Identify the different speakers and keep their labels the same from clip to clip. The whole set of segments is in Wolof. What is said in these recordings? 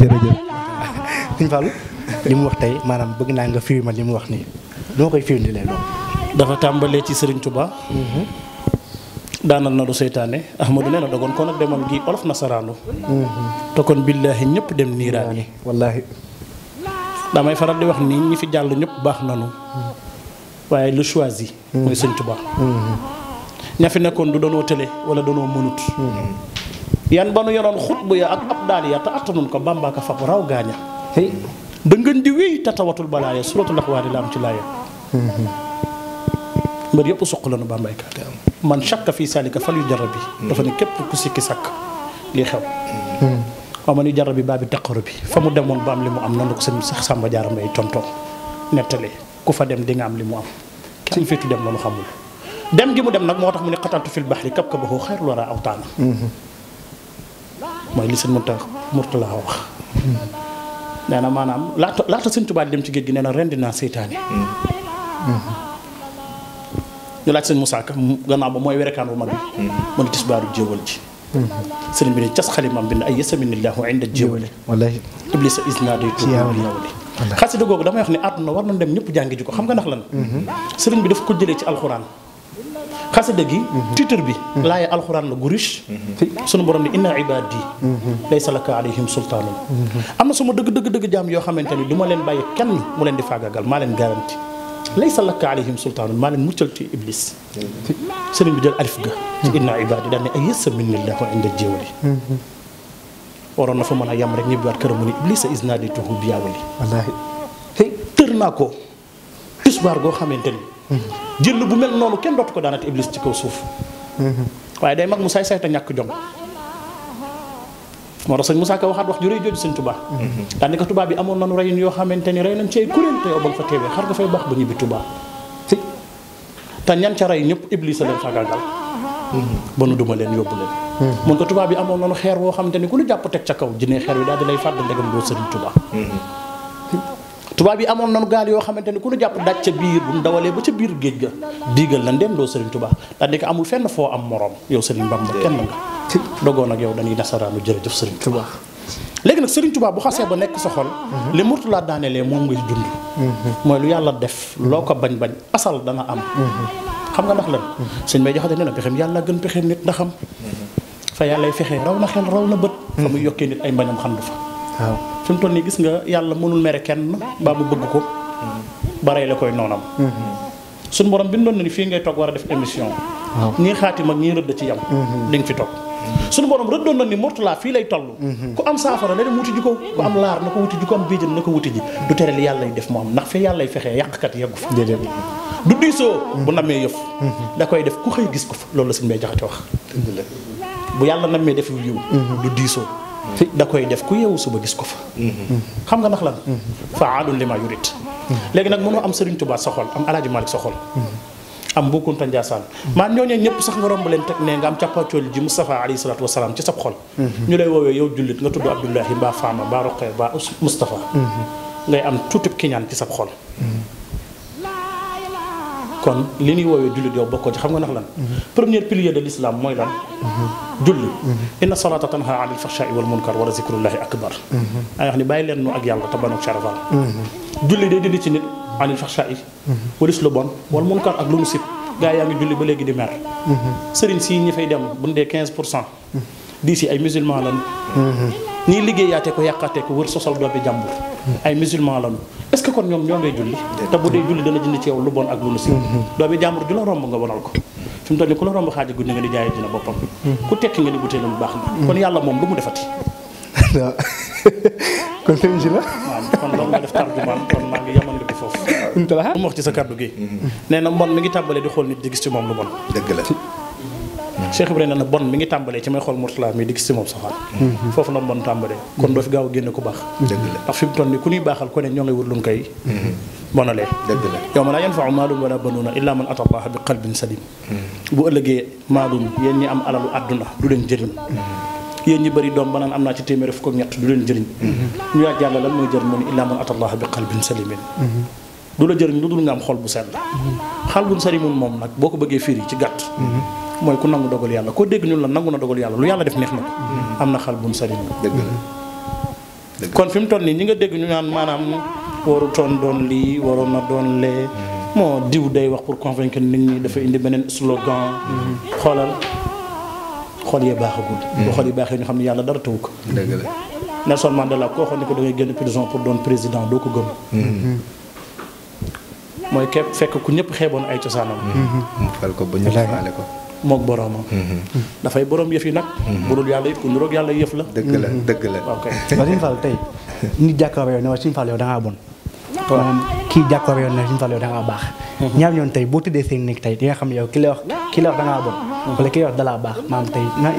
Speaker 1: jërëjëf
Speaker 2: sëñ Fallou li mu wax tey maanaam bëgg naa nga fiwi ma li mu wax nii dama koy fiwi ni dafa tàmbalee ci Serigne Touba mhm. daanal na lu seytaane ahmadu nee na dogoon kon ak demam gi olof mhm. te kon billaahi ñëpp dem niiraan yi wallaahi damay faral di wax nii ñi fi jàll ñëpp baax nanu mhm. waaye lu choisi mooy Serigne Touba ña fi nekkoon du doonoo tële wala doonoo mënut yan ba nu yoroon ya ak ab ya te attanun ko bamba ka ganya. raw gaaña hey. dëngën di wéy te tawatul balaa ya suratul axwaari la am ci bambay ka man shakka fi salika fal yu jarabi dafa ne képp ku sikki li xew mm-hmm. man yu jarabi baabi taqaru bi fa mu demoon ba am li mu am noonu ko seen sax sàmba jaaram ay tontoo nettali ku fa dem di nga am li am suñ féetu dem noonu xamul dem gi mu dem mu ne fil kab kabahu xeer lora moy li sëñ Murtala Murtala wax. nee manam la la seigne touba dem ci géej gi nee na rendi naa seytaane. ñu laaj seigne Moussa ganna ba moy wérekan bu mag mo mu tisbaru tisbaaru ci seigne bi ni tias khalimam bin ay yasmin allah inda wallahi iblis izna de tu iblisa isnaadaytu xasida gogu damay wax ni aduna war na dem ñëpp jàngi ji ko xam nga nak lan. seigne bi daf ko jele ci alxuraan. xasida gi titre bi laaya alxuraan la gu riche sunu borom ni inna ibaadi laysa laka alayhim sultaanun am na sama dëgg dëgg dëgg jaam yoo xamante ni du ma leen bàyyi kenn mu leen di faagagal maa leen garanti laysa laka alayhim sultaanun maa leen muccal ci iblis sëriñ bi jël alif ga ci inna ibaadi daal ne ay yëssa minnillahu inda jéewali waroon na fa mën a yem rek ñibbiwaat këram mu ni iblisa isnaadituhu biyaawali wallaahi tër naa ko tisbaar goo xamante ni jënd bu mel noonu kenn dootu ko daanati iblis ci kaw suuf. waaye day mag mu saay saay te ñàkk jom. moo tax sëñ Moussa Ka waxaat wax ju rëy jooju sëñ Touba. daanaka Touba bi amoon na nañu reyin yoo xamante ni rey nañ ci ay kuréel te yow ba fa teewee xar nga fay baax ba ñibbi Touba. te ñan ca rey ñëpp iblis a leen fagaagal. ba nu duma leen yóbbu leen. mun ko Touba bi amoon nañu xeer woo xamante ni ku lu jàpp teg ca kaw jinne xeer wi daal di lay fàdd ndegam doo sëriñ Touba. tubaab yi amoon na nañu gaal yoo xamante ni ku nu jàpp daj ca biir bu nu dawalee ba ca biir géej ga diigal la ndem doo Serigne Touba daal di ko amul fenn foo am morom yow Serigne Bamba kenn nga dogoon ak yow dañuy nasaraanu jërëjëf Serigne Touba. léegi nag Serigne Touba bu xasee ba nekk sa li Mourtala daanelee moom ngay dund. mooy lu yàlla def loo ko bañ bañ asal dana am. xam nga ndax lan. sëñ may joxate nee na pexeem yàlla gën pexeem nit ndaxam. fa yàllay fexe raw na xel raw na bët. fa muy yokkee nit ay mbañam xam du fa. waaw fi mu toll gis nga yàlla mënul mere kenn baa mu bëgg ko barey la koy noonam suñu borom bi doon na ni fii ngay toog war a def émission ñii xaatim ak ñii rëdd ci yam mhm. di fi toog suñu borom rëddoon na ni Mourtala fii lay toll mhm. ku am saafara na dem wuti ji ko ku am laar na ko wuti ji ku am béjjën na ko wuti ji du tere li yàlla yi def moo am ndax fii yàlla yi fexee yàqkat yeggu fa du diisoo bu mhm. namee yëf da koy def ku xëy gis ko fa loolu la suñu bay jaxate wax bu yàlla namee def yiw fi da koy def ku yeewu suba gis ko fa. xam nga nax lan. faalun li ma yurit léegi nag mënoo am Serigne Touba sa xol am El Hadj Malick sa xol. am Bou Kounta Ndiassane maanaam ñooñu ñëpp sax nga romb leen teg ne nga am càppaacóol ji Moustapha alayhi salaatu wasalaam ci sab xol. ñu lay woowee yow jullit nga tudd Abdullahi mbaa Fama mbaa Roqe mbaa Moustapha. Mhm. ngay am tuutub kiñaan ci sab xol. kon li ñuy woowee jullit yow bokkoo ci xam nga ndax lan premier pilier de l'islam mooy lan julli inna salata tanha anil fahsha'i wal munkar wa zikrullahi akbar ay wax ni bàyyi leen nu ak yàlla te banok sharafal julli day dindi ci nit anil fahsha'i walis lu bon wal munkar ak lu nu sib gaa yaa ngi julli ba léegi di mer sëriñ si ñi fay dem bu ñu dee 15 pour cent di si ay musulman lan nii liggéeyaate ko yàqaate ko wër sosal doomi jàmbur ay musulman lañu est-ce que kon ñoom ñoo ngay julli te bu dee julli dana jënd ci yow lu bon ak lu nu si doomi jàmbur du la romb nga wonal ko fi mu toll nii ku la romb xaaja guddi nga ni jaay dina boppam ku tekki nga ni butéel lu baax foofu kon yàlla moom lu mu wax ci sa kàddu gi nee na mbon mi ngi tàmbalee di xool nit di gis ci moom lu bon dëgg la Cheikh Ibrahima ne bon mi ngi tàmbalee ci may xool Mourtala mi di gis si moom saxaat foofu la mbon tàmbalee kon doo fi gaaw a génne ku baax ndax fi mu toll nii ku ñuy baaxal ko ne ñoo ngi wut luñ koy bonalee yawma laa yanfau maalun wala banuuna illaa man ata allaha bi qalbin salim bu ëllëgee maalum yéen ñi am alalu àdduna du leen jëriñ yéen ñi bëri doom ba naan am naa ci téeméer fukk ak ñett du leen jëriñ ñu yaat yàlla lan mooy jëriñ mu ne illaa man ata allaha bi qalbin salimin du la jëriñ lu dul nga am xol bu sell xal bu salimun moom nag boo ko bëggee firi ci gàtt mooy ku nangu dogal yàlla koo dégg ñun la nangu na dogal yàlla lu yàlla def neex na ko mm-hmm. am na xal bun salim kon fi mu toll nii ñi nga dégg ñu naan maanaam warutoon doon lii waroon na doon lee mm-hmm. moo diw day wax pour convaincre nit ñi dafa indi beneen slogan mm-hmm. xoolal xol yee baaxagul bu xol yi baaxee ñu xam ne yàlla dara taw ko de Mandela koo xam ne ko da ngay génn prison pour doon président doo ko gëm mooy képp fekk ku ñëpp xeeboon ay cosaanam fal
Speaker 1: ko ba ñëpp faale
Speaker 2: ko mook boroomam. Mm-hmm. dafay boroom yëf yi nag. Mm-hmm. bu dul yàlla it yàlla yëf la. dëgg la mm-hmm. dëgg la ok. waaw
Speaker 1: Sëñ Fall tey nit jàkkaarloo yow ne waaye Sëñ Fall yow da ngaa bon. maanaam kii jàkkaarloo yow ne Sëñ
Speaker 2: da ngaa baax. ñaar ñoon tey boo tëddee seen nekk tey di nga xam yow ki la wax ki la wax da ngaa bon. wala ki la wax da laa baax maanaam tey nooy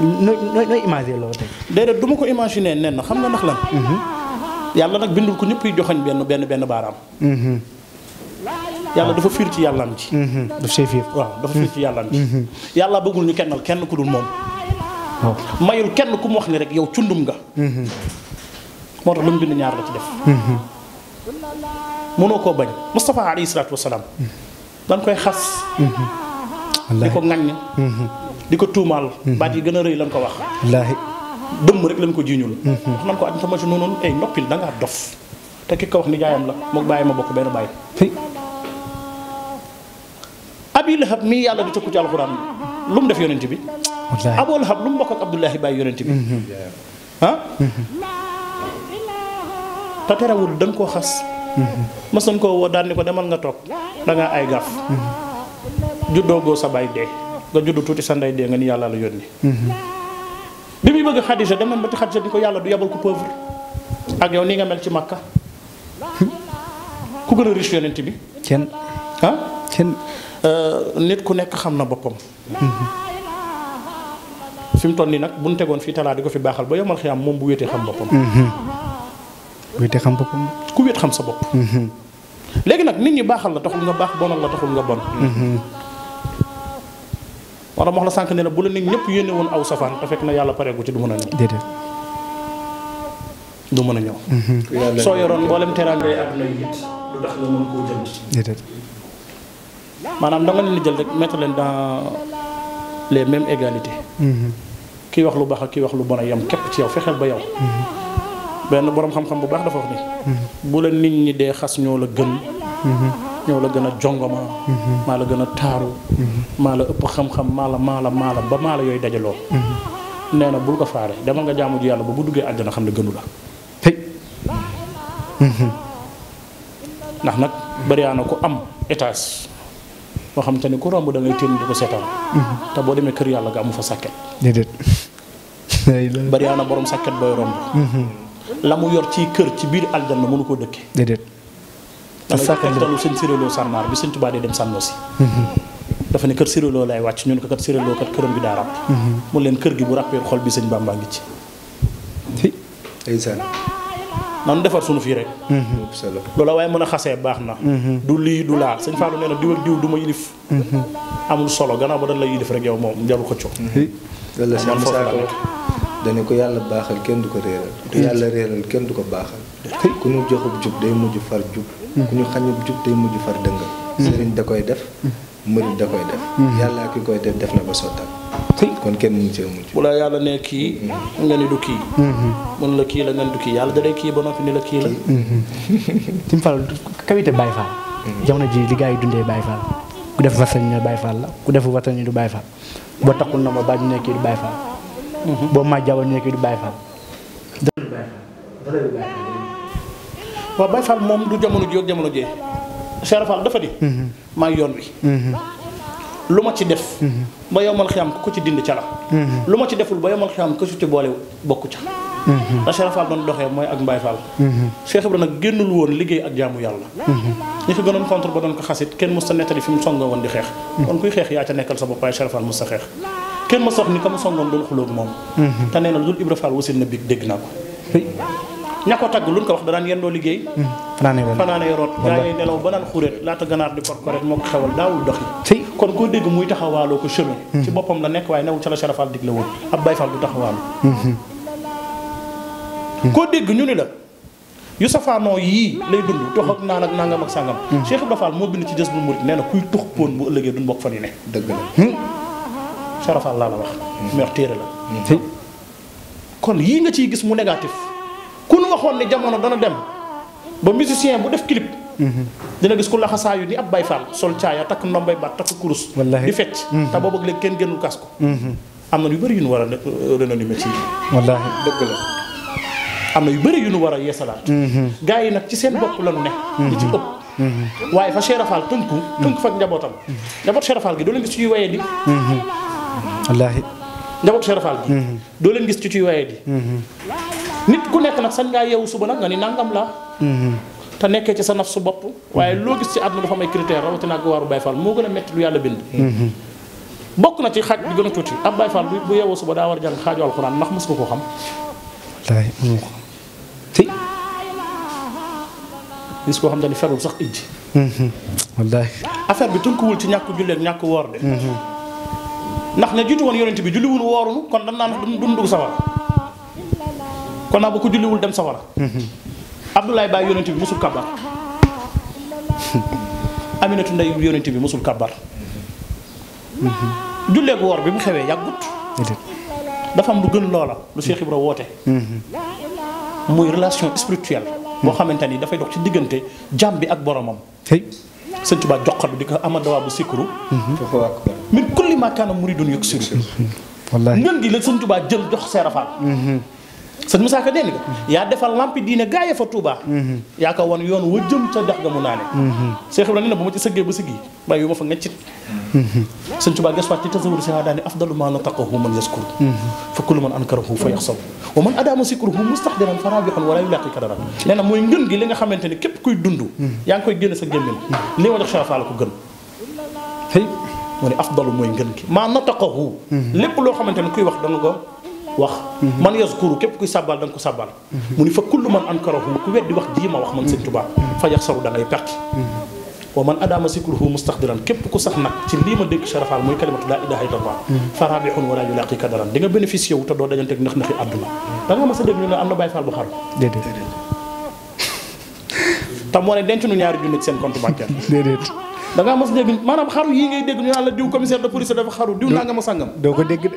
Speaker 2: nooy nooy imaginer loolu tey. déedéet du ma ko imaginer nen na xam nga ndax lan. yàlla nag bindul ko ñëpp yi joxoñ benn benn benn baaraam. yàlla dafa fiir ci yàllaam ji. Mhm. daf see ci yàllaam mhm. yàlla bëggul ñu kennal kenn ku dul moom. mayul kenn ku mu wax ni rek yaw cundum nga. Mhm. moo tax lu mu bind ñaar la ci def. mënoo koo bañ Moustapha alayhi salaatu wasalaam. dañ koy xas. di ko ŋaññ. di ko tuumaal. baat yi gën a rëy lañ ko wax. wallaahi dëmm rek lañ ko jiiñul. wax nañ ko at tamit noonu ay noppil da ngaa dof te ki ko wax ni jaayam la moog bàyyi ma bokk benn bàyyi. abi lahab mii yàlla di tëkku ci alxuraan lu mu def yonent bi aboo lahab lu mu bokk ak abdullahi yonent bi mm-hmm. te terewul dañ koo xas
Speaker 3: mm-hmm.
Speaker 2: mas nañ koo woo daan ni ko demal nga toog dangaa ay gaaf mm-hmm. juddoo goo sa baay dee nga juddu tuuti sa ndey dee nga ni yàlla la yónni bi muy bëgg xadisa dem nañ ba ni ko yàlla du yabal ko pauvre ak yow nii nga mel ci makka hm? ku gën a riche yonent bi kenn Euh, nit ku nekk xam na boppam. fi mu toll nii nag bu ñu tegoon fii talaa di ko fi baaxal ba yomal am moom bu wéetee xam boppam. Mhm. wéetee xam boppam. ku wéet xam sa bopp. Mhm. léegi nag nit ñi baaxal la taxul nga baax bonal la taxul nga bon. wala mhm. wax la sànq ne la bu la nit ñépp yéene woon aw safaan te fekk na yàlla pareegu ci du mën a ñëw. mën a ñëw. soo yoroon mboolem teraanga yi àdduna yi it du tax nga mën koo jënd. déedéet. maanaam da nga di jël rek mettre leen dans les mêmes égalités. Mhm. kii wax lu baax ak kii wax lu bon a yem képp ci yow fexeel ba yow. Mhm. benn boroom xam-xam bu baax dafa wax ni. Mhm. bu la nit ñi dee xas ñoo la gën. ñoo la gën a jongoma. maa la gën a taaru. maa la ëpp xam-xam maa la maa la maa la ba maa la yooyu dajaloo. nee na bul ko faare dama nga jaamu ji yàlla ba bu duggee àjjana xam ne gënu la. tey. ndax nag bëri na ko am étage. boo xam te ni ku romb da ngay di ko seetaan mm-hmm. te boo demee kër yàlla nga amu fa sàkket
Speaker 1: déedéet
Speaker 2: na borom sàkket booy romb mm-hmm. la mu yor ci kër ci biir aljanna mënu koo dëkke
Speaker 1: déedéet te sàkket
Speaker 2: talu sëñ séréloo sànnaar bi sëñ tubaa dee dem sànno si mm-hmm. dafa ne kër séréloo lay wàcc ñun ko kat séréloo kat këram bi daa ràpp mu leen kër gi bu ràppee xol bi sëñ bàmbaa ngi ci nan defar suñu fii rek. loola waaye mën a xasee baax na. du lii du laa sëñ Fallou nee na diw ak diw du ma yilif. amul solo gannaaw ba dañ la yilif rek yow moom jarul ko coow. loolu la sëñ Moussa ko
Speaker 1: dañu ko yàlla baaxal kenn du ko réeral. ku yàlla réeral kenn du ko baaxal. ku ñu joxub jub day mujj far jub. ku ñu xañub jub day mujj far dëngal. sëriñ da koy def. murid da koy def. yàlla ki koy def def na ba sottal. kon kenn mënu ci
Speaker 2: bu la yàlla ne kii nga ni du kii mën mm-hmm. la kii la nga ni du kii yàlla da lay kii ba noppi ni la kii la mm-hmm. Sëñ Fall kawite Baye Fall mm-hmm. jamono ji li gaa yi dundee Baye Fall ku def warta ñu ne Baye la ku def warta ñu du bay Fall boo takkul na ma baa ñu nekkee du Baye Fall boo ma jawal du Baye Fall waaw Baye Fall moom du jamono ji ak jamono jee Cheikh Fall dafa di maa yoon wi lu ma ci def. Mhm. ba yomal xiyam ku ci dind ca la. Mhm. lu ma ci deful ba yomal xiyam ku ci boole bokku ca. Mhm. la Cheikh Fall doon doxee mooy ak Mbaye Fall. Cheikh Ibra nag génnul woon liggéey ak jaamu yàlla. ñi ko gënoon contre ba doon ko xasit kenn mës ta fi mu songoo woon di xeex. kon kuy xeex yaa ca nekkal sa bopp ni ka songoon doon xulóog moom. te nee na lu dul Ibra Fall wasin na bi dégg naa ko. ña ko tagg luñ ko wax danaan yendoo liggéey hmm. fanaane root gaa ba naan xuréet laata ganaar di korkoreet moo ko xewal daawul doxi kon koo dégg muy taxawaaloo ko chemin hmm. ci boppam la nekk waaye newul ca la Serap Fall digle woon ab Baye Fall du hmm, dégg ñu ni la yu safaanoo yii lay dund tox ak naan nangam ak sàngam Cheikh Ibra Fall moo bind ci des bu murit nee na kuy tux poon bu ëllëgee duñ bokk fan yi ne dëgg la Serap Fall laa la wax mu wax téere la kon yii nga ciy gis mu négatif ku nu waxoon ne jamono dana dem ba musicien bu def clip. Mhm. dina gis ku laxasaayu ni ab Baay Faal sol caaya takk ndombay baat takk kurus. di fecc mhm. te boobu ak léegi kenn génnul kas ko. Mhm. am na yu bëri yu nu war a euh, renommé ci. na yu bëri yu nu war a yi nag ci seen bopp la nu ne. waaye fa Cheikh Fall tënku. tënku fa ak njabootam. njaboot Cheikh gi doo leen gis ci yuy doo leen gis ci ciy waye di. nit ku nekk nag sañ ngaa yeewu suba nag nga ni nangam la mhm. te nekkee ci sa naf su bopp waaye loo gis ci àdduna dafa am ay critère rawatina ak waaru Baay Faal moo gën a metti lu yàlla bind mhm. bokk na ci xaaj bi gën a tuuti ab Baay Faal bu yeewoo suba daa war a jàng xaaju alxuraan ndax mos nga ko xam gis koo xam ne ferul sax ijji
Speaker 3: mhm. wallaahi
Speaker 2: affaire bi tënkuwul ci ñàkk julleek ñàkk woor de ndax ne jiitu woon yonent bi julliwul woorunu kon dan naan dun dugg safara kon ma bu ko julliwul dem safara Abdoulaye Baye yonent bi musul kabar Aminatu Ndey yonent bi musul kabar julle julleeg wor bi mu xewé yàggut dafa am lu gën lola lu Cheikh Ibra wote muy relation spirituelle bo xamanteni da fay dox ci digënté jambi ak boromam sëñ Tuubaa jox ko di ko amadawa bu sikru min kulli ma kana muridun yuksiru ngën gi la seigne touba jël jox seerafaat sa Moussa Ka dégg nga yaa defal lampi diine gaa ya fa Touba. Mhm. yaa ko wan yoon wa jëm ca dex ga mu naane. Mhm. Seex Ibra nee na bu ma ci sëggee ba sëggi bàyyi yu ma fa ngeccit. Mhm. sëñ Touba gëstuwaat ci tasawur si daal ne afdalu maa nataqahu man yaskuru. fa kullu man nee na mooy ngën gi li nga xamante ne képp kuy dund. yaa ngi koy génne sa gémmiñ. li ma jox Cheikh la ko gën. xëy mu ne afdalu mooy ngën gi maa nataqahu lépp loo xamante ne kuy wax danga ko wax man yaskuru képp kuy sàbbaal da nga ko sàbbaal mu ni fa kullu man ankarahu ku weddi wax jii ma wax man sëñ Tuubaa fa yaxsaru da ngay perte wa man adama sikruhu mustaxdiran képp ku sax nag ci lii ma dégg sharafal muy kalimatu laa ilaha illallah fa rabihun wala nga bénéficié wu te doo dajante ak nax a am xaru déedéet te moo ne denc nu ñaari junni ci seen compte bancaire da nga mas a dégg maanaam xaru yii ngay dégg ñu naan la diw commissaire de police dafa xaru diw naa nga ma sàngam doo ko dégg de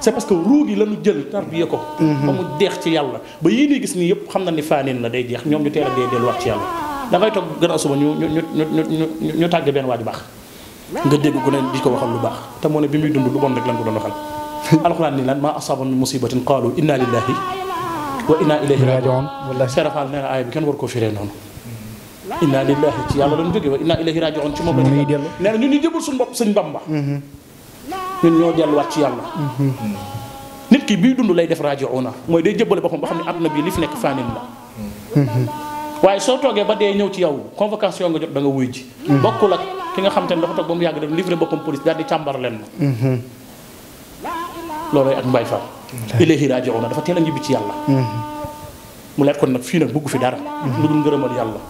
Speaker 2: c'est parce que ruu gi la ñu jël tarbiye ko. Mhm. ba mu deex ci yàlla ba yii nii gis nii yëpp xam na ni faaneen la day jeex ñoom ñu teel a dee delluwaat ci yàlla da ngay toog gën a ñu ko bi muy dund lu bon rek lan ko ni lan maa asaaba bi kenn war koo firee noonu inna lillahi ci suñu bopp ñun ñoo delluwaat ci yàlla. nit ki biy dund lay def na mooy day jëbbale boppam ba xam ne àdduna bii li fi nekk faanin
Speaker 3: la.
Speaker 2: waaye soo toogee ba dee ñëw ci yow convocation nga jot danga nga wuy ji. bokkul ak ki nga xam te ne dafa toog ba mu yàgg def livré boppam police daal di càmbar leen la. loolooy ak mbay fa ilahi rajiuna dafa teel a ñibbi ci yàlla. mu leer kon nag fii nag bugg fi dara. lu dul ngërëmal yàlla.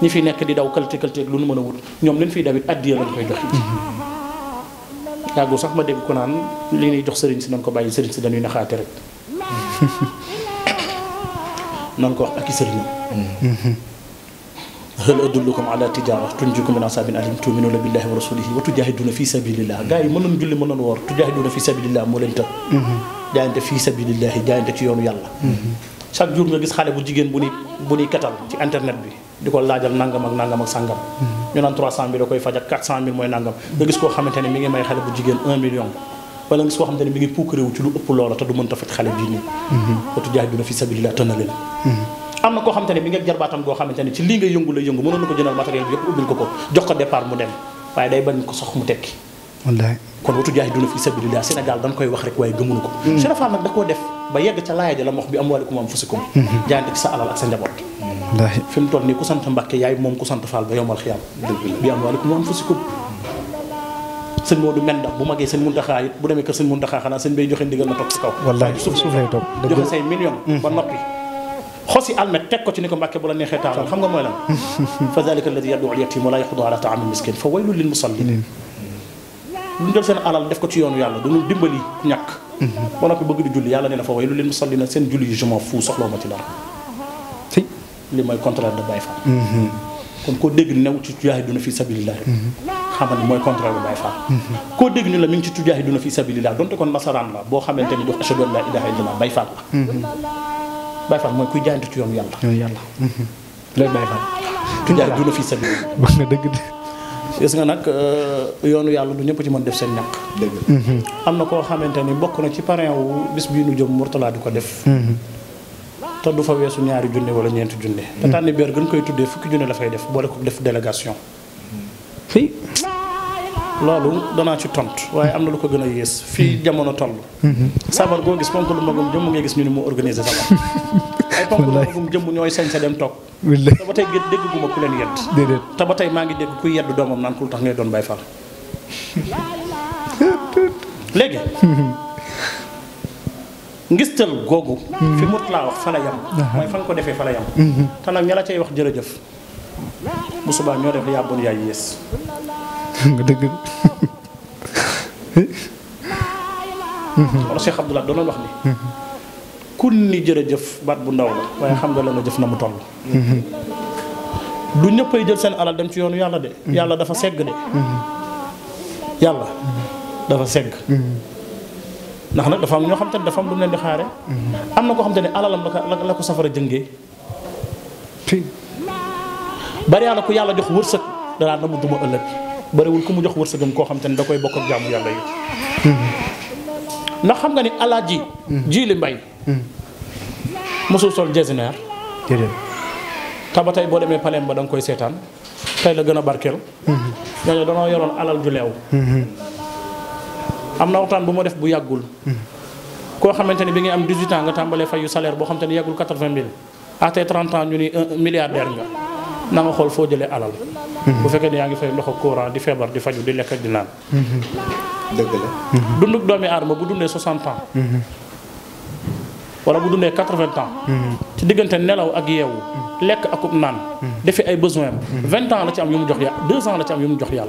Speaker 2: ñi fi nekk di daw qualité qualité lu nu mën a wut ñoom liñ fiy dawit addiya lañ koy joxe. yàggu sax ma dégg ko naan li ñuy jox sëriñ si nañ ko bàyyi sëriñ si dañuy naxaate rek nan ko wax ak i sëriñam hal adullukum ala tijaara tunjikum min asaabin alim tuminuuna billahi wa rasulihi wa tujahiduna fi sabilillah gars yi mën nañ julli mën nañ woor tujahiduna fi sabilillah moo leen të jaayante fi sabilillahi jaayante ci yoonu yàlla chaque jour nga gis xale bu jigéen bu ni bu ni katal ci internet bi di ko laajal nangam ak nangam ak sàngam mm-hmm. ñu naan 300000 da koy faj ak 400000 mooy nangam nga gis koo ne mi ngi may xale bu jigéen 1 nga gis koo xamante ne mi ngi puukaréwu ci lu ëpp loola te du mënta faj xale bii nii watu mm-hmm. jaay duna fi sabilillah tënna leen mm-hmm. am na koo xamante ne mi ngi jarbaatam goo xamante ne ci lii ngay yëngu la yëngu mënoon na ko jëndal matériel bi yëpp ubbil ko ko jox ko départ mu dem waaye day bañ ko sox mu tekki wallaay kon watu jaahiduna fi sabilillah Sénégal dañ koy wax rek waaye gëmuñu ko Chérif Fall nag da koo def ba yegg ca laaya ja la wax bi am waalikum am fusikum jaante ci sa alal ak sa njaboot fi mu toll ku sant Mbàkke yaay moom ku sant Fall ba yomal xiyam bi am waalikum am fusikum sëñ Modou Menda bu magee sëñ Muntaxa it bu demee kër sëñ Muntaxa xanaa sëñ bay joxe ndigal na toog si kaw wallaay suuf lay toog joxe say million ba noppi xosi almet teg ko ci ni ko mbàkke bu la neexee taalal xam nga mooy lan fa dalika alladi yaddu al yatim wala lu ñu seen alal def ko ci yoonu yàlla dañu dimbali ñàkk ba noppi bëgg di julli yàlla nee na fa way lu leen musalli na seen julli yi je m'en fous soxloo ma li mooy contraire de Baye Fall mm-hmm. kon koo dégg new ci tujaahiduna fi sabilillah
Speaker 3: mm-hmm.
Speaker 2: xamal ni mooy contraire bu Baye Fall mm-hmm. koo dégg ñu la mi ngi ci tujaahiduna fi sabilillah donte kon nasaraan la boo xamante ni daf ashhadu an la ilaha illallah Baye Fall la Baye Fall mooy kuy jaayante ci yoonu yàlla loolu Baye Fall tujaahiduna fi sabilillah wax nga gis nga nag euh, yoonu yàlla du ñëpp ci mën def seen ñàkk. dëgg mm-hmm. am na koo xamante ni bokk na ci parrain wu bis bii nu jëm Mourtala di ko def. Mm-hmm. te du fa weesu ñaari junne wala ñeenti junne. Mm-hmm. te tànn beer gën koy tuddee fukki junne dafay def boole ko def délégation. fii loolu danaa ci tontu waaye am na lu ko gën a yées fii jamono toll. sabar goo gis ponk lu magum jëm ngay gis ñu ne mu organiser sabar. ay ponk doomagum jëmm ñooy sañ sa dem toog te dégg gu ma ku leen yedd déedéet te maa ngi dégg kuy yedd doomam naan ku lu tax ngay doon bay fal léegi ngistal googu fi mut laa wax fa yam mooy fa nga ko defee fa la yam mhm. te nag ña la cay wax jërëjëf bu subaa ñoo def yàbbon yaay yées nga dëgg wala Cheikh Abdoulaye wax ni mhm. kun ni jërëjëf baat bu ndaw la waaye xam nga la nga jëf na mu toll. du ñëppay jël seen alal dem ci yoonu yàlla de. yàlla dafa segg de. yàlla dafa segg. ndax nag dafa am ñoo xam te ne dafa am lu mu leen di xaare am na koo xam te la la ko safara jëngee. bari yàlla ku yàlla jox wërsëg danaa na mu duma ëllëg bariwul jox wërsëgam koo xam te ne da koy bokk ak jàmm yàlla yi. Hmm. ndax xam nga ni alaaji hmm. ji li mbay. Hmm. mosul sol jasineer déedéet te ba tey boo demee paleem ba da nga koy seetaan tey la gën a barkeel mm-hmm. ñooñu danoo yoroon alal ju leew mm-hmm. am na waxtaan bu ma def bu yàggul mm-hmm. koo xamante ni bi ngay am 18 ans nga tàmbalee fayu salaire boo xamante ni yàggul 80 000 à tey 30 ans ñu ni euh, milliardaire nga na nga xool foo jëlee alal bu fekkee ne yaa ngi fay ndox ak courant di feebar di faju di lekk di naan dunduk doomi aadama bu dundee 60 ans wala bu dundee 80 ans. Mm-hmm. ci diggante nelaw ak yeewu. Mm-hmm. lekk akub mm-hmm. ay besoin 20 ans la ci am jox ans la ci am yu besoin jox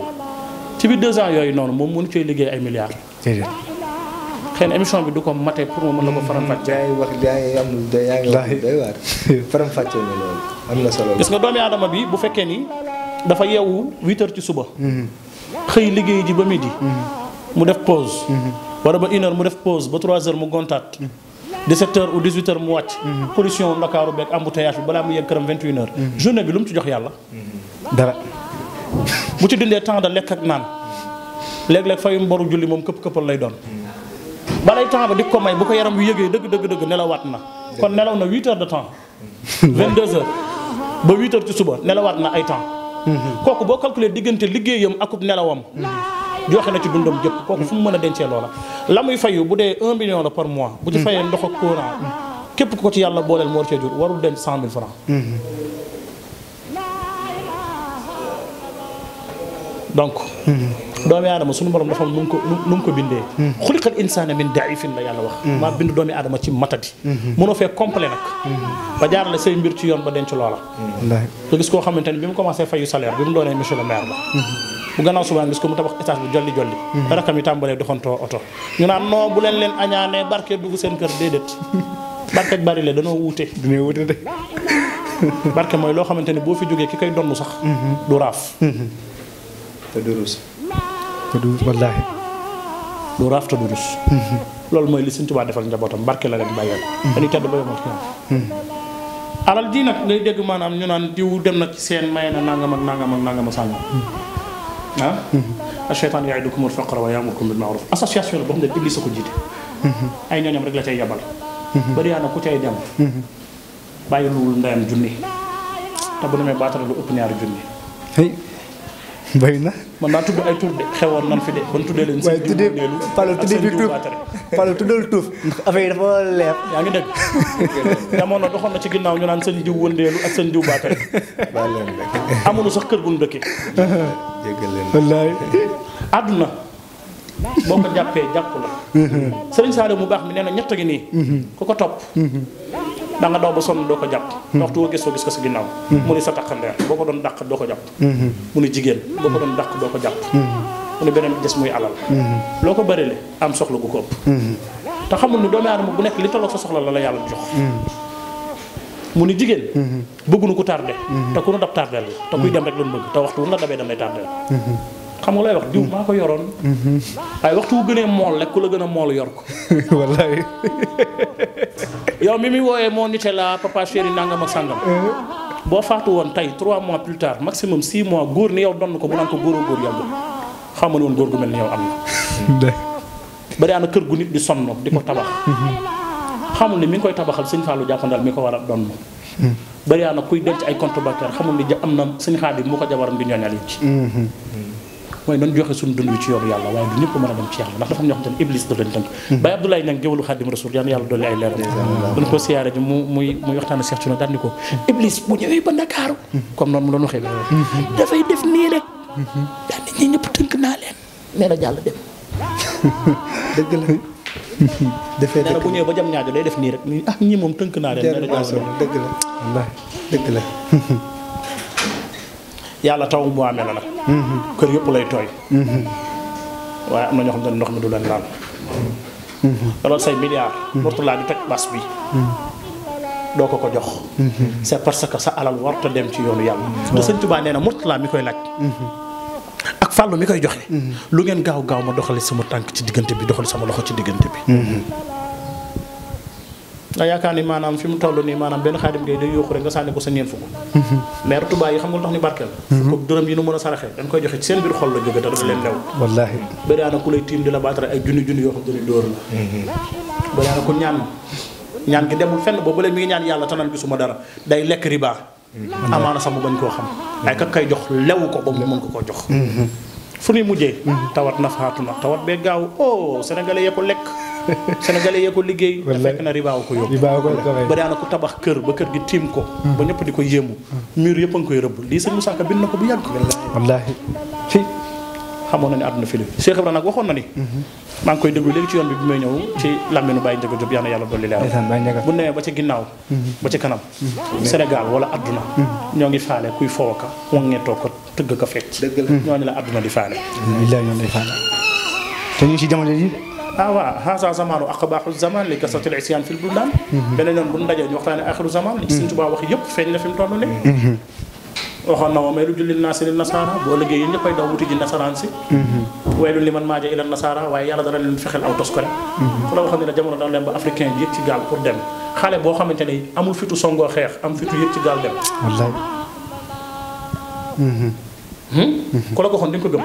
Speaker 2: ci 2 ans yoy non. mom mënu ci liggéey ay milliards.
Speaker 1: xëy
Speaker 2: na émission du ko maté pour ma la ko faram-fàccee. wax am ngi wax solo. gis nga bi bu ni dafa 8 heures ci suba. xey liggéey ji ba midi. mu def pause. wala ba une 1h. mu def pause ba 3 heures mu de 7h ou 18 h mu wàcc. Mhm. pollution Ndakaaru beeg embouteillage bala balaa mu yegg këram 21 h mhm. journée bi lu mu ci jox yalla
Speaker 3: mhm.
Speaker 2: dara bu ci dindee temps de lekk ak naan léeg-léeg fayum boru julli mom kep kepal lay don balay temps ba di ko may bu ko yaram wi yëgee deug deug dëgg nelawaat na. kon nelaw na 8 h de temps. 22 h ba 8 h ci suba nelawaat na ay temps. kooku bo calculer diggante liggéeyam akup nelawam. joxe na ci dundam jëpp kooku fu mu mën a dencee loola la muy fayu bu dee 1 million la par mois bu ci fayee ndox ak courant képp ko ci yàlla booleel moo cee jur warul denc 100 000 francs mm-hmm. donc mm-hmm. doomi aadama suñu borom dafa nu mu ko nu mu ko bindee hmm. xuliqal insaana min la yàlla wax hmm. maa bind doomi aadama ci matadi hmm. mënoo fee complet nag ba jaarale say mbir ci yoon ba denc loola nga gis koo xamante ni bi mu commencé fayu salaire bi mu doonee monsieur le maire la bu gannaaw subaa gis ko mu tabax étage bu jolli jolli rakam yi tàmbalee doxantoo oto ñu naan non bu leen leen añaanee barke dugg seen kër déedéet barke bari la danoo wuute danoo de barke mooy loo xamante ni boo fi jógee ki koy donn sax du raaf ko du wallaahi. du raafta du dus. Mhm. loolu mooy li Sëñ Tuubaa defal njabootam barke la leen bàyyal. Mhm. dañuy tedd ba yomal kii mhm. alal ji nag ngay dégg maanaam ñu naan diw dem na seen maye na nangam ak nangam ak nangam sàngam. ah. a yaidukumul faqra wa yamurukum bil maaruf association la boo xam ne Iblis a ko jiite. ay ñooñam rek la cay yabal. bari yaa na ku cay dem. bàyyi luwul ndeyam junni te bu demee baatara lu ëpp ñaari junni. bëri na. man naa tudd ay tur de xewoon nan fi de ban tuddee leen. waaye tuddee
Speaker 1: Fallou tuddee bi tuuf
Speaker 2: leer. yaa ngi dégg. jamono doxoon na ci ginnaaw ñu naan sëñ diw wëndeelu ak seen jiw baatare. baal leen sax kër gu ñu dëkkee. wallaay. àdduna boo ko jàppee jàpp la. Mhm. sëriñ Sadio mu baax mi nee na ñett gi nii. Mhm. ku ko topp. Mhm. da nga daw ba sonn doo ko jàpp hmm. waxtu woo gëstoo gis ko si ginnaaw hmm. mu ni sa takkandeer boo ko doon dàq doo ko jàpp hmm. mu ni jigéen boo ko doon dàq doo ko jàpp mu ni beneen muy alal loo ko bërile am soxla gu ko te xamul ni doomu aadama li tolloog sa soxla la yàlla jox mu ni jigéen bëgguñu ko tardé te ku nu dab tardé la te kuy dem rek lañu bëgg te waxtu wu la dabee dem lay tardé xam nga lay wax diw ko yoroon. Mm-hmm. waaye waxtu wu gënee mool rek la gën a mool yor ko. wallaay. yow mi muy wooyee moo nite la papa chéri nangam ak sangam. Eh. boo faatu woon tey 3 mois plus tard maximum 6 mois góor ni yow donn ko bu naan ko góoroo góor yàggul xam nga ne góor gu mel ni yow am na. kër gu nit di sonn di ko tabax. Mm-hmm. xamul ni mi ngi koy tabaxal sëñ Fallou jàppandal mi ko war a donn
Speaker 3: mm-hmm.
Speaker 2: bari kuy denc ay compte bancaire xamul ni am na sëñ Xaadim mu ko jabaram di ñoñal yi mooy nañ joxe suñu dund ci yoonu yàlla waaye du ñëpp mën a dem ci yàlla ndax dafa am ñoo xam ne iblis daf leen hmm. hmm. ko siyaare ji mu muy muy waxtaan Cheikh Thiouna daan ni ko hmm. iblis bu ñëwee ba Ndakaaru comme noonu mu waxee dafay def nii rek daan nit ñëpp tënk naa leen nee na jàll dem dëgg la dafay dëgg la bu ñëwee ba jam day def nii rek nii ah ñii moom tënk naa leen nee na dëgg
Speaker 3: la dëgg la
Speaker 2: yàlla taw bu amee la nag. Mm-hmm. kër yëpp lay tooy. Mm-hmm. waaye am na ñoo xam ne ndox mi du leen laal. Mm-hmm. loolu say milliard. Mourtala di toj bas bi. doo ko ko jox. c'est parce que sa alal warta dem ci yoonu yàlla. te sëñ Tuubaa nee na Mourtala mi koy laaj. ak fàllu mi koy joxe. lu ngeen gaaw gaaw ma doxali sama tànk ci diggante bi doxali sama loxo ci diggante bi. nga yaakaar ni maanaam fi mu toll nii maanaam benn xaadim ngay day yóoxu rek nga sànni ko sa ñeent fukk mhm. mais Tuubaa yi xam nga lu tax ñu barkeel ko mhm. dërëm yi nu mën a saraxe dañ koy joxe ci seen biir xol la jóge te dafa leen lew wallaahi ba daana ku lay tiim di la baatare ay junni junni xam ne dóor la mhm. ba daana ku ñaan ñaan gi demul fenn boobu leen mi ngi ñaan yàlla tanaan gisuma dara day lekk riba amaana sax bañ koo xam ay ka koy jox lewu ko ba mu mën ko koo jox fu ñuy mujjee tawat nafaatuna tawat bee gaaw o oh, sénégalais lekk sénégalais yee ko liggéey te fekk na ko tabax kër ba kër gi tiim ko ba ñëpp di ko yéemu mur yëpp a koy rëbb lii sëñ Moussa Ka bind na ko bu yàgg wallaahi na ne àdduna fi la waxoon na ni maa ngi koy déglu léegi ci yoon bi bi may ñëw ci làmmiñu Baye Ndiaga Diop yal na yàlla dolli leer bu newee ba ca ginnaaw ba ca kanam Sénégal wala àdduna ñoo ngi faale kuy fowaka wangeetoo ko tëgg ko fecc ñoo ni la àdduna di faale
Speaker 1: te ñu ci jamono ji
Speaker 2: هو هذا زمان أقباح الزمان لكسرة العصيان في البلدان بلدان بندجة وقتنا آخر زمان لكسرة تبا وخي يب فين لفين طالوني وخان نوامير جل الناس للنصارى بولجي ينجي قيد أوتي جل النصارى أنسي ويلو اللي من ماجا إلى النصارى ويا لا دارا للفخل أو تسكرة فلا وخان إلى جمعنا دارا لنبا أفريكيين يك تيغال قد دم خالي بوخا من تني أمو فيتو سنغو خير أم فيتو يك تيغال دم والله كل واحد عندهم كم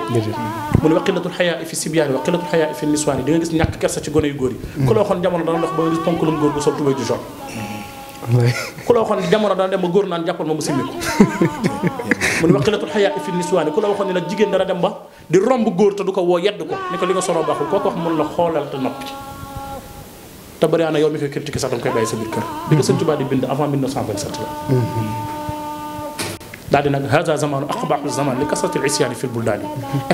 Speaker 2: من وقلة الحياة في سبيان وقلة الحياة في النسوان دينا قسم نحكي كرسة تجونا يجوري كل واحد عندهم أنا دارنا خبرة نسبان كلهم جور بس أبتوا يجوا جار كل واحد عندهم أنا دارنا مجور نان جاكل ما مسلم من وقلة الحياة في النسوان كل واحد عندنا جيجن دارنا دم با دي جور تدوك وياد دوك نكلينا صورة بخو كوكو واحد من الخال التنبي تبري أنا يومي في كرتي كسرتم كعبة سبيكر بس أنتوا بند أفهم من نصام بنسات daal di nag haza zamanu aqbahu zaman li kasrati l isyaani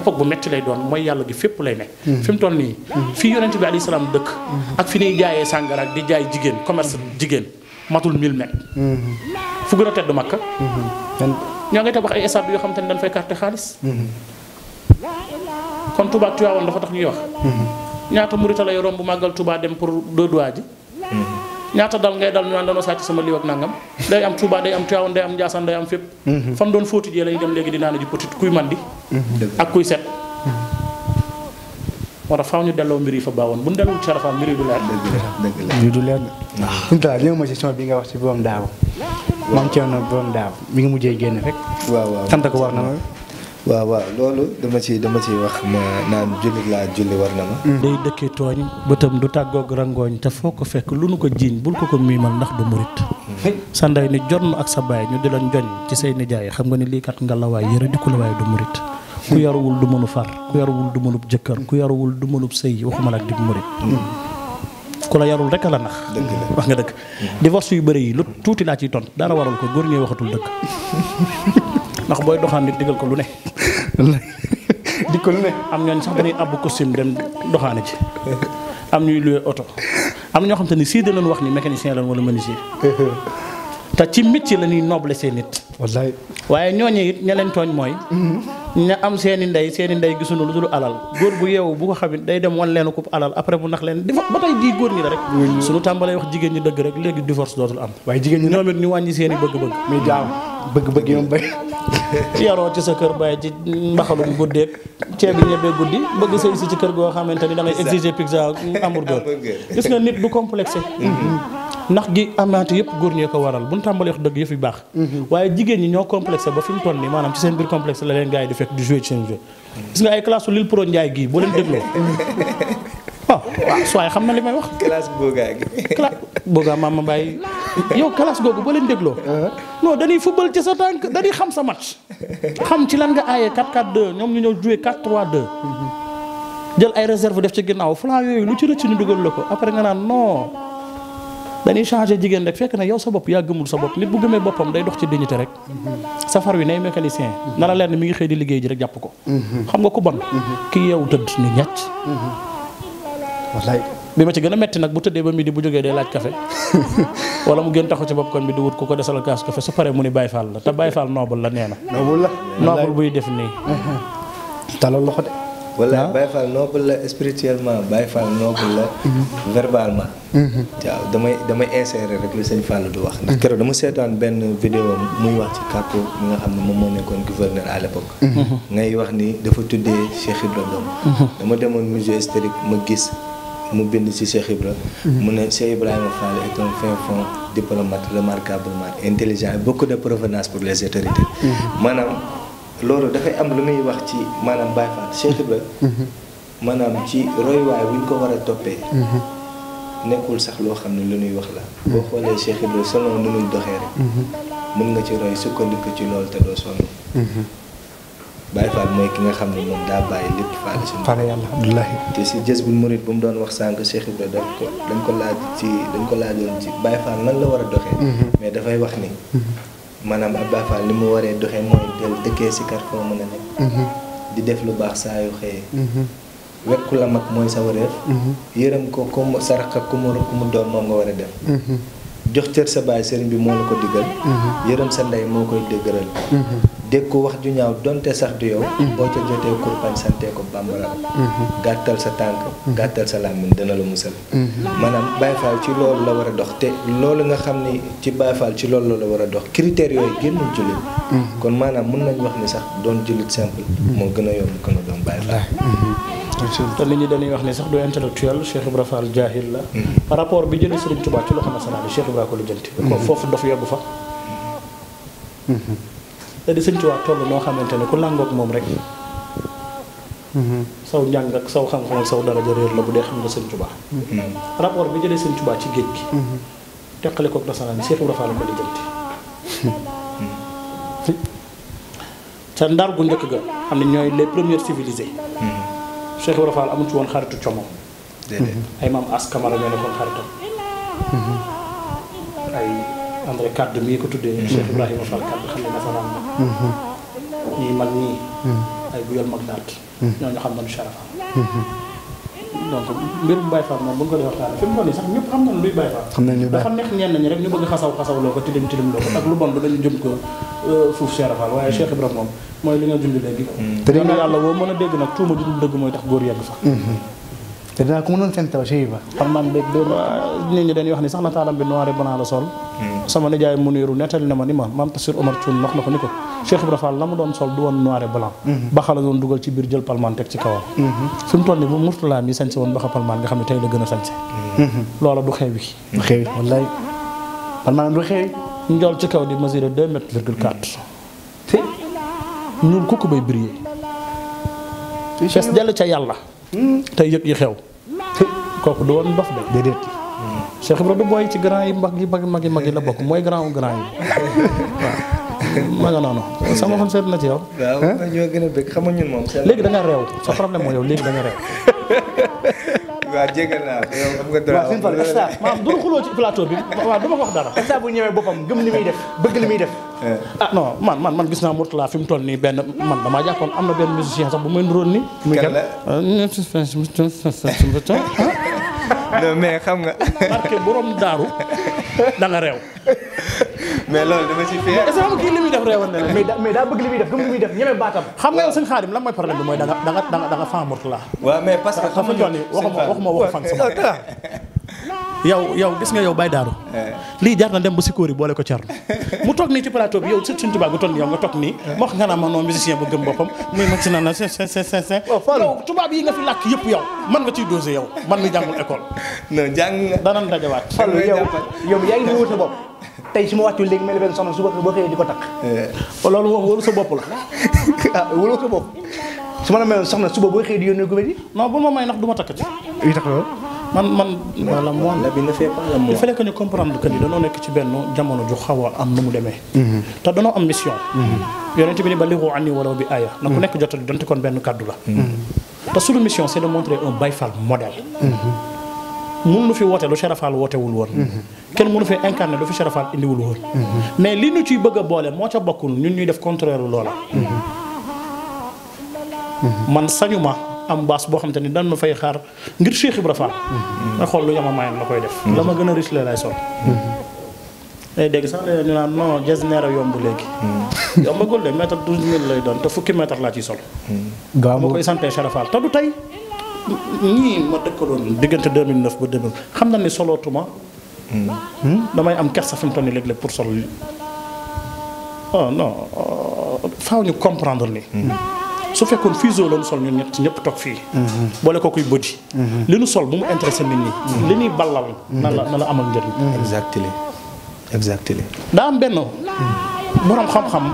Speaker 2: bu métti lay doon mooy yàlla gi fépp lay ne hmm. fi mu toll nii fi yonent bi alayhi salaam dëkk hmm. ak fi ñuy jaayee sàngara di jaay jigéen commerce jigéen matul 1000 mètres hmm. fu gën a tedd makka ñoo ngay tabax ay estade yoo xam te ne dañ fay carte xaalis kon Touba Tivaouane dafa tax ñuy wax ñaata murita lay romb màggal tubaa dem pour deux doigts ji ñaata dal ngay dal ñu naan dañoo sàcc sama liw ak nangam day am Touba day am Tivaouane day am Ndiassane day am fépp mhm. fam doon fóotit yi lañu dem léegi di naan ji petit kuy man di mhm. ak kuy set moo tax faaw ñu delloo mbir yi fa baawoon bu ñu delloo ci Sarafa mbir yi du leer.
Speaker 1: dëgg la dëgg la du leer bi nga wax si borom daa waaw
Speaker 2: moom Thierno borom daaw mi ngi mujjee génn rek. waaw sant ko wax na ma.
Speaker 1: waaw waaw loolu dama ci dama ci wax ma naan jullit laa julli war na ma.
Speaker 2: Mm. day dëkke tooñ bëtam du tàggook rangooñ te foo ko fekk lu nu ko jiiñ bul ko ko miimal ndax du murit. Mm. sa ndey ni jot ak sa baay ñu di la njoñ ci say nijaay xam nga ni lii kat ngalawaay yëre dikku la waaye du murit. ku yaruwul du mënu far ku yaruwul du mënub jëkkër ku yaruwul du mënub sëy waxuma la ak di murit. Mm. ku la yarul rek la nax. wax nga dëgg. divorce yu bëri yi lu tuuti laa ciy tont dara waral ko góor ñooy waxatul dëgg. ndax booy doxaan nit digal ko lu ne di ko lu ne am ñooñ sax dañuy àbb costume dem doxaane ci am ñuy luwee oto am na ñoo xam te sii da leen wax ni mécanicien lan wala menuisier te ci métier la ñuy noble seen nit wallaay waaye ñooñu it ña leen tooñ mooy mm-hmm. ña seen i ndey seen i ndey gisuñu lu dul alal góor bu yeewu bu ko xamit day dem wan leen ko alal après mu nax leen di ba tey jii góor ñi la rek mm-hmm. suñu tàmbalee wax jigéen ñi dëgg rek léegi divorce dootul am waaye jigéen ñi ñoom it ñu wàññi seen i bëgg-bëgg muy jaaw bëgg-bëgg yoon bay yaroo ci sa kër bàyyi ci mbaxalum guddeeg bi ñebee guddi bëgg sëy si ci kër goo xamante ni da ngay exiger pizza hamburger gis nga nit du complexé mhm. mhm. ndax gi amaate yëpp góor ñee ko waral bu ñu tàmbalee wax dëgg yëf yu baax mhm. waaye jigéen ñi ñoo complexé ba fi mu toll nii maanaam ci seen biir complexe la leen gars yi di fekk di jouer seen jeu gis nga ay classe su Lille Pro gii boo leen dégloo waaw oh, waaw suwaay xam na li may wax. classe boogaa gi. classe boogaa ma bàyyi yow classe googu ba leen dégloo. Uh-huh. non dañuy football ci sa tànk dañuy xam sa match. xam ci lan nga aaye 4-4-2 ñoom ñu ñëw joué 4-3-2. Uh-huh. jël ay réserve def ci ginnaaw flan yooyu lu ci rëcc ñu dugal la ko après nga naan non dañuy changé jigéen rek fekk na yow sa bopp yaa gëmul sa bopp nit bu gëmee boppam day dox ci dignité rek. Uh-huh. safar wi nay mécanicien. na la leer ne mi ngi xëy di liggéey ji rek jàpp ko. xam nga ku bon. ki yow tëdd ni ñett. wallaay bi ma ci gën a metti nag bu tëddee ba di bu jógee day laaj café wala mu gën taxaw ci bopp koñ bi di wut ku ko desal kaas café su paree mu ni Baye Fall la te Baye Fall noobul la nee na. noobul la noobul buy def nii. talal loxo de.
Speaker 1: wala ah. Baye la spirituellement Baye Fall noobul la. Mhm. verbalement. Mhm. waaw damay damay insérer rek li sëñ Fall du wax. ndax keroog dama seetaan benn vidéo muy wax ci kàppu mi nga xam ne moom moo nekkoon gouverneur à l'époque. Mhm. ngay wax ni dafa tuddee Cheikh Ibrahima. dama demoon musée historique ma gis. mu bind ci Cheikh Ibra mm-hmm. mu ne Cheikh Ibrahima Fall est un fin fond diplomate remarquablement intelligent et beaucoup de provenance pour les autorités mm-hmm. maanaam loolu dafay am lu muy wax ci maanaam Baye Fall Cheikh Ibra mm-hmm. maanaam ci royuwaay bu ñu ko war a toppee nekkul sax loo xam ne lu muy wax la boo xoolee Cheikh Ibra selon nu muy doxee rek mën nga ci roy sukkandiku ci loolu te loo sonn Baye Fall mooy ki nga xam ne moom daa bàyyi lépp faale si faale yàlla abdullahi te si jës bu murit bu mu doon wax sànq Cheikh Ibra dañ ko dañ ko laaj ci dañ ko laajoon ci Baye Fall nan la war a doxee mhm. mais dafay wax ni mhm. maanaam ab Baye Fall ni mu waree doxee mooy del dëkkee si kar foo mën a nekk mhm. di def lu baax saa yu xëyee wekku la mag mooy sa wareef yërëm ko ko sa sarax ak ku mu ku mu doon moom nga war a def jox cër sa baay sëriñ bi moo la ko diggal yërëm sa ndey moo koy dëggëral dégg ko wax ju ñaaw donte sax du yow. Mm-hmm. boo ca jotee kurpañ sante ko bambara.
Speaker 3: Mm-hmm.
Speaker 1: gàttal sa tànk. Mm-hmm. gàttal sa làmmiñ dana la musal. maanaam Baye Fall ci loolu la war a dox te loolu nga xam ni ci Baye faal ci loolu la war a dox critères yooyu génnul jullit. kon maanaam mun nañu wax ni sax doon jullit simple. moo gën a yomb
Speaker 2: ko nga doon Baye
Speaker 3: Fall.
Speaker 2: te nit ñi dañuy wax ni sax du intellectuel Cheikh Ibra Fall jaahil la. rapport bi jëlee Serigne Touba ci loxo nasaraan bi Cheikh Ibra ko lu jënti. foofu dof yóbbu da di sëñ Tuubaa toll noo xamante ne ku làngoog moom rek.
Speaker 3: Mm-hmm.
Speaker 2: saw njàng ak saw xam-xam ak saw daraja réer la bu dee xam nga sëñ Tuubaa.
Speaker 3: Mm-hmm.
Speaker 2: rapport bi jëlee sëñ Tuubaa ci géej gi. Mm-hmm. teqale koog nasaraan Seex Ibra Faal la ko lijjanti. ndar gu njëkk ga xam ne ñooy les premiers civilisés. amu ci woon xaritu como. ay maam askamara ñoo nekkoon xaritam. ay. André kadd mii ko tuddee. Mm-hmm. Cheikh Ibrahima Fall kaddu xam ne dafa naan. Mm-hmm. ñii mag ñii. Mm-hmm. ay bu yor mag naat. ñooñu xam nañu sharafa. donc mbirum Baye Fall moom bu ko def waxtaanee fi ñëpp xam nañu luy Baye Fall. xam nañu luy Baye dafa nekk loo ko tilim tilim loo ko ak lu bon lu dañu jëm ko euh, fuuf Cheikh Fall waaye Cheikh Ibrahima moom mooy li nga junj léegi. te dégg nga yàlla boo mën a dégg nag tuuma ju dëgg mooy tax góor yegg fa.
Speaker 1: te dinaa ko mënoon fenn taw Cheiba
Speaker 2: xam naa ne sax na taalam bi noir et la sol. Hmm. sama nijaay mu niiru nettali na ma ni ma maam Tafsir Omar Thioune wax na ko ni ko Cheikh Ibra Fall la mu doon sol du woon noir et blanc. Hmm. baxa la doon dugal ci biir jël palmaan teg ci kawam. fi hmm. mu toll nii bu Mourtala mi sañse woon baxa palmaan nga xam ne tey la gën a sañse. loola du xewi. du xewi wallaay palmaan du xewi. njool ci kaw di mesurer deux mètres virgule quatre. te ñuul kooku bay briller. fees dell ca yàlla. te yëg yi xew kooku du woon mbaf de déedéet Cheikh Ibra du booy ci grand yi mbag yi mag yi mag yi la bokk mooy grand u grand yi waaw ma nga noonu sama xam seet na ci yow
Speaker 1: gën a bëgg xam nga ñun moom léegi da nga
Speaker 2: réew sa problème mooy yow léegi da nga
Speaker 1: waa jégal naa la yow am nga droit star
Speaker 2: maanaam xuloo ci plateau bi waa du ma ko wax dara star bu ñëwee boppam gëm li bëgg li muy def eh. ah non man man man gis naa Mourtala fi mu toll nii benn man damaa jàppoon am na benn musicien sax bu may nuróon ni muy kan non mais xam nga barke borom daaru da nga mais loolu dama ci fier. est-ce que kii li muy def réewoon na la. mais mais daa bëgg li muy def gëm li muy def ñeme baatam. xam nga yow man mi oh, jàngul école. non dajawaat. Fallou yaa ngi wut sa bopp tey su ma wàccul léegi mel benn soxna suba boo xëyee di ko takk eh. loolu moom wóolu sa bopp la ah wóolu bopp su ma la na soxna suba boo xëyee di yónnee gubé ji non bu ma may nax du man man wala mo bi na fee il fallait que ñu comprendre nekk ci benn jamono ju xaw am nu mu demee mhm. te danoo am mission mhm. yonent bi ni ballighu anni walaw bi aaya na ku mhm. nekk jottali donte kon benn kàddu la te suñu mission c'est de montrer un Baye Fall modèle mun nu fi woote lu Cheikh Fall wootewul woon كان مونو في انكارن لو في شرفان اندي ولو هور مي لي نو تي بوجا بوله مو تا بوكون نين ني ديف كونترير لولا مان سانيو ما ام باس بو خامتاني دان ما فاي خار غير شيخ ابراهيم ما خول لو ياما ماين لاكوي ديف لاما غنا ريس لا لاي سول اي ديغ سان ني نان نو جاز نيرا يومب ليكي يومب غول لي ميتر 12000 لاي دون تا فوكي ميتر لا سول غام كوي سانتي شرفال تا تاي ني ما دكلون ديغنت 2009 ب 2000 خامنا ني سولوتوما Hmm? damay am kersa fi mu toll nii léeg-léeg pour sol oh euh, ñu comprendre ni. Hmm. su fekkoon fuseau la ñu sol ñun ñett ñëpp toog fii. Hmm. boole ko kuy bëdi. li nu sol bu mu intéressé nit ñi. li ñuy ballal. na la na la amal njëriñ. daa am benn borom xam-xam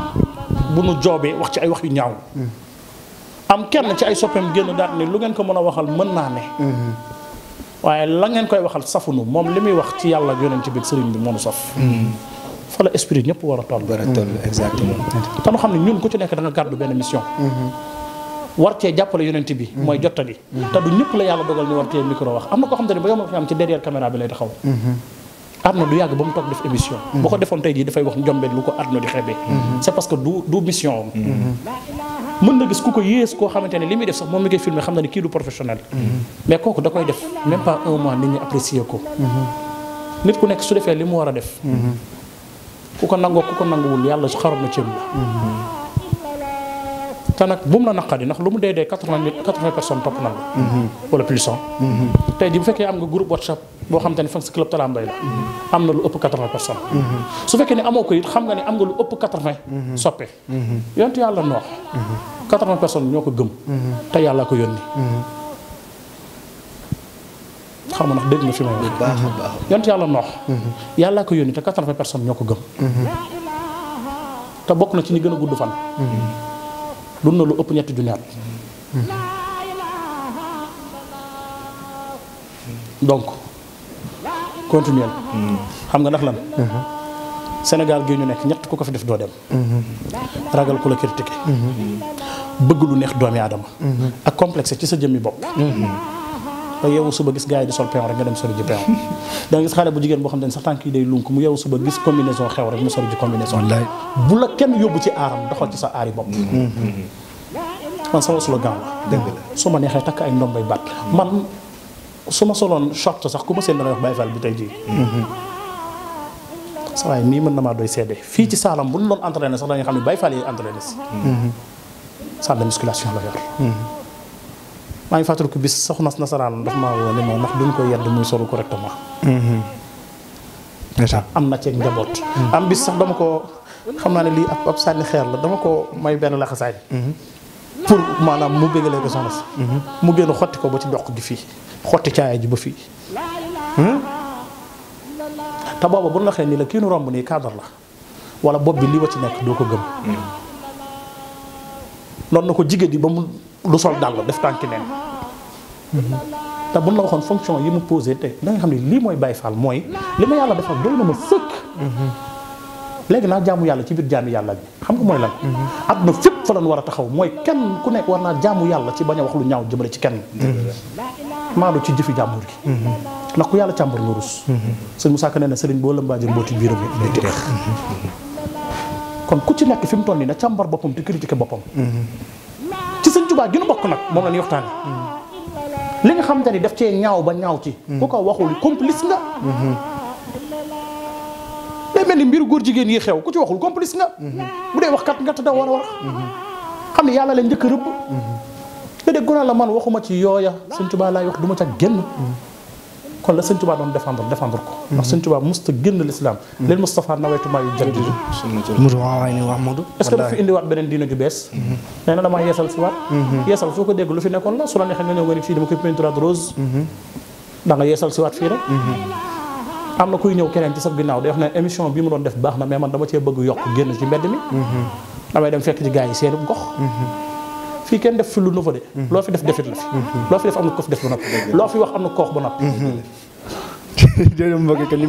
Speaker 2: bu nu joobee wax ci ay wax yu ñaaw. am kenn ci ay soppeem génn daal ni lu ngeen ko mën a waxal mën naa ne. waaye la ngeen koy waxal safunu moom li muy wax ci yàlla ak yonent bi sëriñ bi moo nu saf. Hmm. fa la esprit war a toll. war a hmm. exactement. te xam ne ñun ku ci nekk da nga gàddu benn mission. Hmm. war cee jàppale yonent bi. mooy jottali. te du ñëpp la yàlla dogal ñu war cee micro wax am na koo xam te ne ba yow ma fi am ci derrière caméra bi lay taxaw. adna du yàgg ba mu toog def émission. boo ko defoon tey jii dafay wax njombe lu ko adna di xebee. c'est parce que du mun na gis ku ko yées koo xamante ne li muy def sax moom mi koy filmé xam na ne kii du professionnel. Mm-hmm. mais kooku da koy def même pas un mois nit ñi apprécier ko.
Speaker 3: Mm-hmm.
Speaker 2: nit ku nekk su defee li mu war a def. Mm-hmm. ku ko nangoo ku ko nanguwul yàlla xaroon na cëm
Speaker 3: la.
Speaker 2: te nag bu mu la ndax lu mu dee dee quatre-vingt mille quatre-vingt personnes topp na la. Mm-hmm. wala plus cent. Mm-hmm. tey ji bu fekkee am nga groupe WhatsApp boo xam te ne mm-hmm. am na lu ëpp su fekkee ne amoo ko it xam nga ne am nga lu ëpp quatre-vingt. soppe yonent yàlla noox. quatre-vingt personnes ñoo ko gëm. te yàlla ko yónni. xam nga ndax dégg fi may wax. baax a baax yonent yàlla noox. yàlla ko yónni te quatre-vingt personnes ko gëm. te bokk na ci ñu gën a gudd fan. dund na lu ëpp ñetti junni at donc continuel xam nga ndax lan Sénégal gi ñu nekk ñett ku ko fi def doo dem ragal ku la critiqué bëgg lu neex doomi aadama ak complexe ci sa jëmmi bopp nga yeewu suba gis gars yi di sol peew rek nga dem sori ji peew da gis xale bu jigéen boo xam ne sax tànk yi day lunk mu yeewu suba gis combinaison xew rek mu sori ji combinaison bu la kenn yóbbu ci aaram doxal ci sa aari bopp mm-hmm. Mm-hmm. man sama slogan la su ma neexee takk ay ndombay baat man su ma soloon short sax ku ma seen dana wax Baye Fall bi tey jii mm-hmm. sa waaye mii mën na maa doy seede fii ci saalam bu ñu doon entraîné sax da nga xam ne Baye Fall yi entraîné si salle de musculation la maa ngi fàttaliku bis soxna nasaraan ndax maa woo ne ma ndax duñ ko yedd muy solo correctement. am na ceeg njaboot. am bis sax dama ko xam naa ne lii ab ab sànni xeer la dama ko may benn laxasaay. pour maanaam mu bégalee ko mu génn xotti ko ba ci doq gi fii xotti caaya ji ba fii. booba bu naxee nii la kii nu romb nii cadre la wala bopp bi lii wa ci nekk doo ko gëm. noonu na ko jigéen ji ba mu. du sol dàll def tànki neen te buñ la waxoon fonction yi mu posé te da nga xam ne lii mooy Baye Fall mooy li ma yàlla defal doy na ma sëkk léegi naa jaamu yàlla ci biir jaami yàlla bi xam nga mooy lan àdduna fépp fa lan war a taxaw mooy kenn ku nekk war naa jaamu yàlla ci bañ a wax lu ñaaw jëmale ci kenn maandu ci jëfi jàmbur gi ndax ku yàlla càmbar nga rus sëñ Moussa Ka nee na sëriñ boo lëmbaajee mbooti biiram day teex kon ku ci nekk fi mu toll nii na càmbar boppam ci critiqué boppam ci sëñ Tuubaa gi bokk nag moom la ñuy waxtaane mm-hmm. li nga xamante ni daf cee ñaaw ba ñaaw ci mm-hmm. ku ko waxul complice nga mm-hmm. day mel ni mbiru góor jigéen yi xew ku ci waxul complice nga bu dee wax kat nga te da war a xam ne yàlla leen njëkk rëbb nga dégg la man waxuma ci yooya sëñ Tuubaa laay wax duma ca génn kon la sëñ Tuubaa doon défendre défendre ko ndax sëñ Tuubaa musta génn l'islam leen Moustapha nawaytu maa yu jaddidu mudwaani wa ahmadu est-ce que dafa indiwaat beneen diina ju bees nee na damaa yeesal si waat yeesal foo ko dégg lu fi nekkoon la su la neexee nga ñëw nga ni fii dama koy peinture rose da nga yeesal si waat fii rek am na kuy ñëw keneen ci sa ginnaaw day wax ne émission bi mu doon def baax na mais man dama cee bëgg yokk génn ci mbedd mi damay dem fekk ci gars yi seen gox fii kenn def fi lu nouveau de. loo fi def defit la fi. loo fi def am na ko def ba noppi. loo fi wax am na koox ba
Speaker 3: noppi.